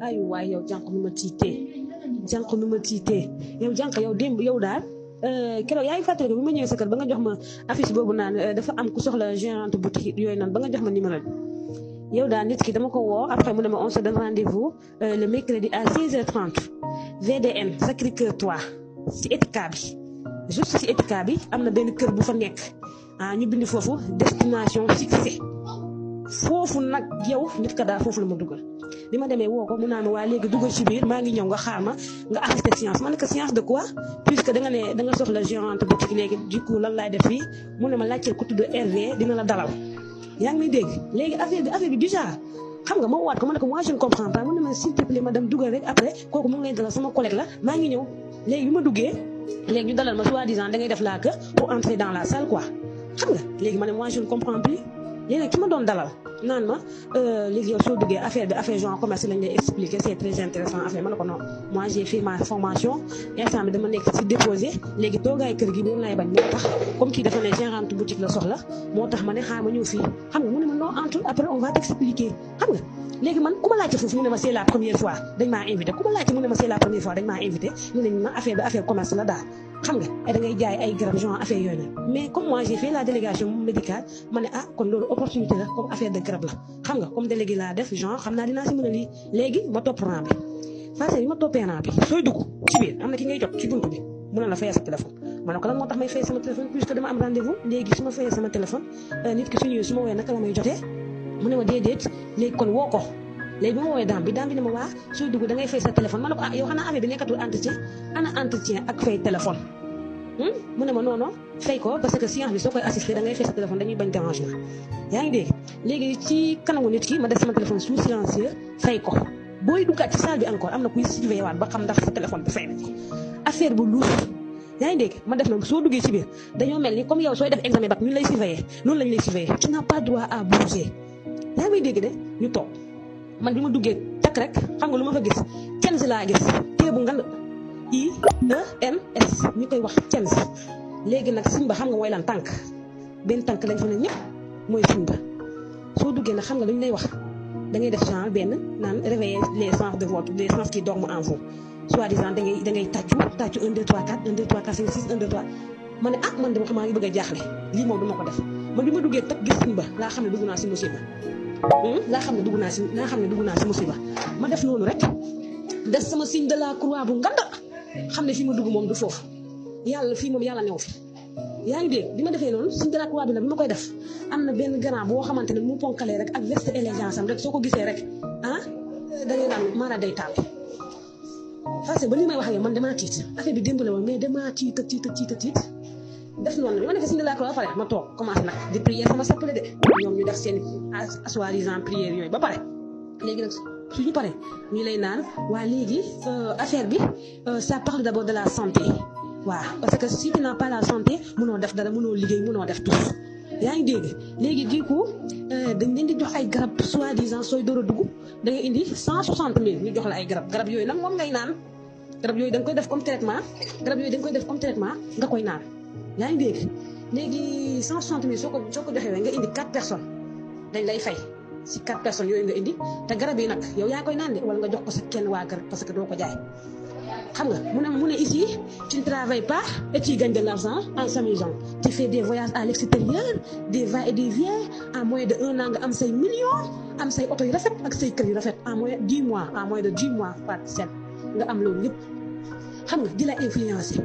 ay waay yow jànq nu ma tiitee jànq nu ma tiitee yow jànq yow démb yow daal euh, keroog yaa ngi fàttaliku bi ma ñëwee sa kër ba nga jox ma affiche boobu naan euh, dafa am ku soxla gérante boutique yooyu noonu ba nga jox ma numéro bi yow daal nit ki dama ko woo après mu ne ma on se donne rendez-vous euh, le mercredi à 16h30 VDN Sacré-Cœur 3 si étika bi juste si bi am na benn kër bu fa nekk ah ñu bind foofu destination succès foofu nag yow nit ka daal foofu la ma dugal bi ma demee woo ko mu naan waa léegi duggal ci biir maa ngi ñëw nga xaar nga assister science ma ne ko science de quoi puisque da nga ne da nga soxla gérante boutique léegi du coup lan lay def fii mu ne ma laajteel ku tudd Hervé dina la dalal yaa ngi dégg léegi affaire bi affaire bi déjà xam nga ma waat ko ma ne ko moi je ne comprends pas mu ne ma s'il te plaît ma dem dugal rek après kooku mu ngi dalal sama collègue la maa ngi ñëw léegi bi ma duggee léegi ñu dalal ma soi-disant da ngay def la queue pour entrer dans la salle quoi xam nga léegi ma ne moi je ne comprends plus léegi nag ki ma doon dalal naan ma léegi yow soo duggee affaire bi affaire genre commerce lañ lay expliqué c' est très intéressant affaire ma ne ko non moi j'ai fait ma formation instant bi dama nekk si déposé léegi toogaay kër gi moom laay bañ moo tax comme kii dafa ne gérante boutique la soxla moo tax ma ne xaar ma ñëw fii xam nga mu ne ma non entre après on va t'expliquer xam nga léegi man ku ma laajte foofu mu ne ma c'est la première fois dañ maa invité ku ma laajte mu ne ma c'est la première fois dañ maa invité ñu ne ma affaire bi affaire commerce la daal xam ay da ngay jaay ay garab genre affaire yooyu mais comme moi j'ai fait la délégation médicale mané ah comme loolu opportunité la comme affaire de garab la xam nga comme délégué la def genre xamna dina ci si mën a lii léegi ma topp rang bi saa yi ma toppee rang bi sooy dugg ci biir am ki ngay jot ci buntu bi mën la fay sa téléphone mané ko lan motax may fay sama téléphone puisque dama am rendez-vous légui suma fay fayee sama téléphone euh, nit ki suñu suma wé ma naka la may jotee mu ne ma déedéet léegi kon woo ko léegi bi ma woowee dam bi dam bi ne ma waa sooy dugg da ngay fay sa téléphone ma ne ko ah yow xanaa affaire bi nekkatul entretien ana entretien ak fay téléphone. Hmm? mu ne ma non non fay ko parce que science bi soo koy assister da ngay fay sa téléphone dañuy bañ dérangement yaa ngi dégg léegi ci kanamu nit ki ma def sama téléphone sous silencieux fay ko booy duggaat ci salle bi encore am na kuy surveiller waat ba xam ndax sa téléphone bi fay na ko affaire bu luus yaa ngi dégg ma def na soo duggee ci biir dañoo mel ni comme yow sooy def examen bac ñu lay surveiller noonu lañ lay surveiller tu n'as pas droit à bouger yaa ngi dégg de ñu toog man bi ma duggee takk rek xam nga lu ma fa gis Tienz laa gis téye bu ngal I E N S ñu koy wax Tienz léegi nag simba xam nga mooy lan tànk benn tànk lañ fa ne ñëpp mooy simba soo duggee nag xam nga dañu lay wax da ngay def genre benn naan réveiller les sens de votre les sens qui dorment en vous soit disant da tàccu tàccu ma ne ah man dama xam maa ngi bëgg a jaaxle lii moom du ma ko def. ba bi ma duggee takk gis simba laa xam ne dugg naa si musiba hmm? laa xam ne dugg naa si laa xam ne dugg naa si musiba ma def noonu rek def sama siñ de la croix bu nganda xam ne fii ma dugg moom du foofu yàlla fii moom yàlla new fi yaa ngi dégg bi ma defee noonu signe de la croix bi nag bi ma koy def am na benn grand boo xamante ne mu ponkalee rek ak veste élégance am rek soo ko gisee rek ah day ngay naan maara day taal parce que ba li may wax ak yow man damaa tiit affaire bi démb la woon mais damaa tiit tiit tiit tiit def noonu ma ne ko bismillah ko ba pare ma toog commencé nag di prier sama sappale de ñoom ñu def seen assoirisant prière yooyu ba pare léegi nag suñu pare ñu lay naan waa léegi euh, affaire bi euh, ça parle d'abord de la santé waaw parce que si tu n'as pas la santé mënoo def dara mënoo liggéey mënoo def tout yaa ngi dégg léegi du coup euh, dañ leen di jox ay garab soi-disant sooy door a dugg da nga indi cent soixante mille ñu jox la ay garab garab yooyu nag moom ngay naan garab yooyu da nga koy def comme traitement garab yooyu da nga koy def comme traitement nga koy naan. yaa ngi dégg léegi 160 000 soo ko soo ko joxewee nga indi 4 personnes dañ lay fay si 4 personnes yooyu nga indi te garab yi nag yow yaa koy naan de wala nga jox ko sa kenn waa garab parce que doo ko jaay. xam nga mu ne mu ne ici tu ne travailles pas et tu gagnes de l'argent en s'amusant tu fais des voyages à l'extérieur des va et des viens en moins de un an nga am say millions am say oto yu rafet ak say kër yu rafet en moins de mois en mois de 10 mois par semaine nga am loolu lépp xam nga di la influencer.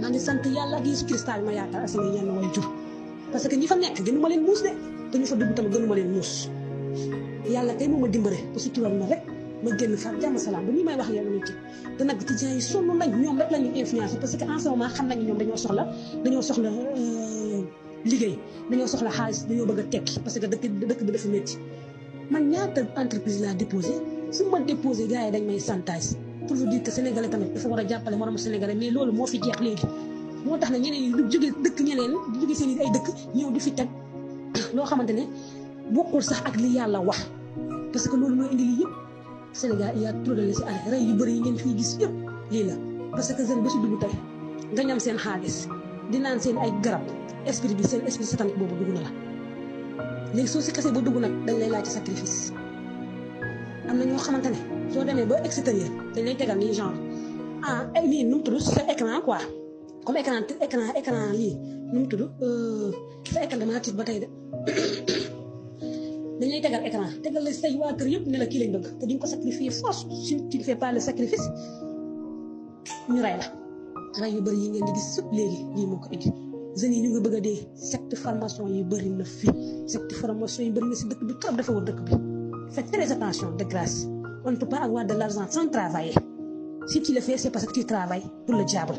maa ngi sant yàlla ak Yeesu Kirista ma yaakaar ak sama yenn jur parce que ñi fa nekk gënu ma leen muus de te ñu fa dugg tam gënu ma leen muus yàlla kay moo ma dimbale ba su turam rek ma génn fa jàmm salaam ba nii may wax yàlla ñu ci te nag étudiants yi sonn nañ ñoom rek la ñu influencé parce que en ce moment xam nañu ñoom dañoo soxla dañoo soxla euh, liggéey dañoo soxla xaalis dañoo bëgg a tekki parce que dëkk dëkk bi dafa métti man ñaata entreprise laa déposé su ma déposé dañ may santage pour vous dire que sénégalais tamit dafa war a jàppale moromu sénégalais mais loolu moo fi jeex léegi moo tax ne ñeneen ñi jóge dëkk ñeneen du jóge seen ay dëkk ñëw di fi teg loo xamante ne bokkul sax ak li yàlla wax parce que loolu mooy indi lii yëpp Sénégal il y a trop de aller rey yu bëri yi ngeen fiy gis yëpp lii la parce que jeune ba si dugg tey seen xaalis di naan seen ay garab esprit bi seen esprit satanique boobu dugg na la léegi soo si xasee ba dugg nag dañ lay laaj sacrifice am na ñoo xamante ne soo demee ba extérieur dañ lay tegal nii genre ah ay lii nu mu tudd sa écran quoi comme écran écran écran lii nu mu tudd euh, sa écran damaa tiit ba tey de dañ lay tegal écran tegal la say waa kër yëpp ne la kii lañ bëgg te duñ ko sacrifier force si tu ne fais pas le sacrifice ñu rey la rey yu bëri yi ngeen di gis sëpp léegi lii moo ko indi jeunes yi ñu ngi bëgg a dee secte formation yi bëri na fii sept formation yi bëri na si dëkk bi trop dafa wër dëkk bi Faites les attention, de grâce. On ne peut pas avoir de l'argent sans travailler. Si tu le fais, c'est parce que tu travailles pour le diable.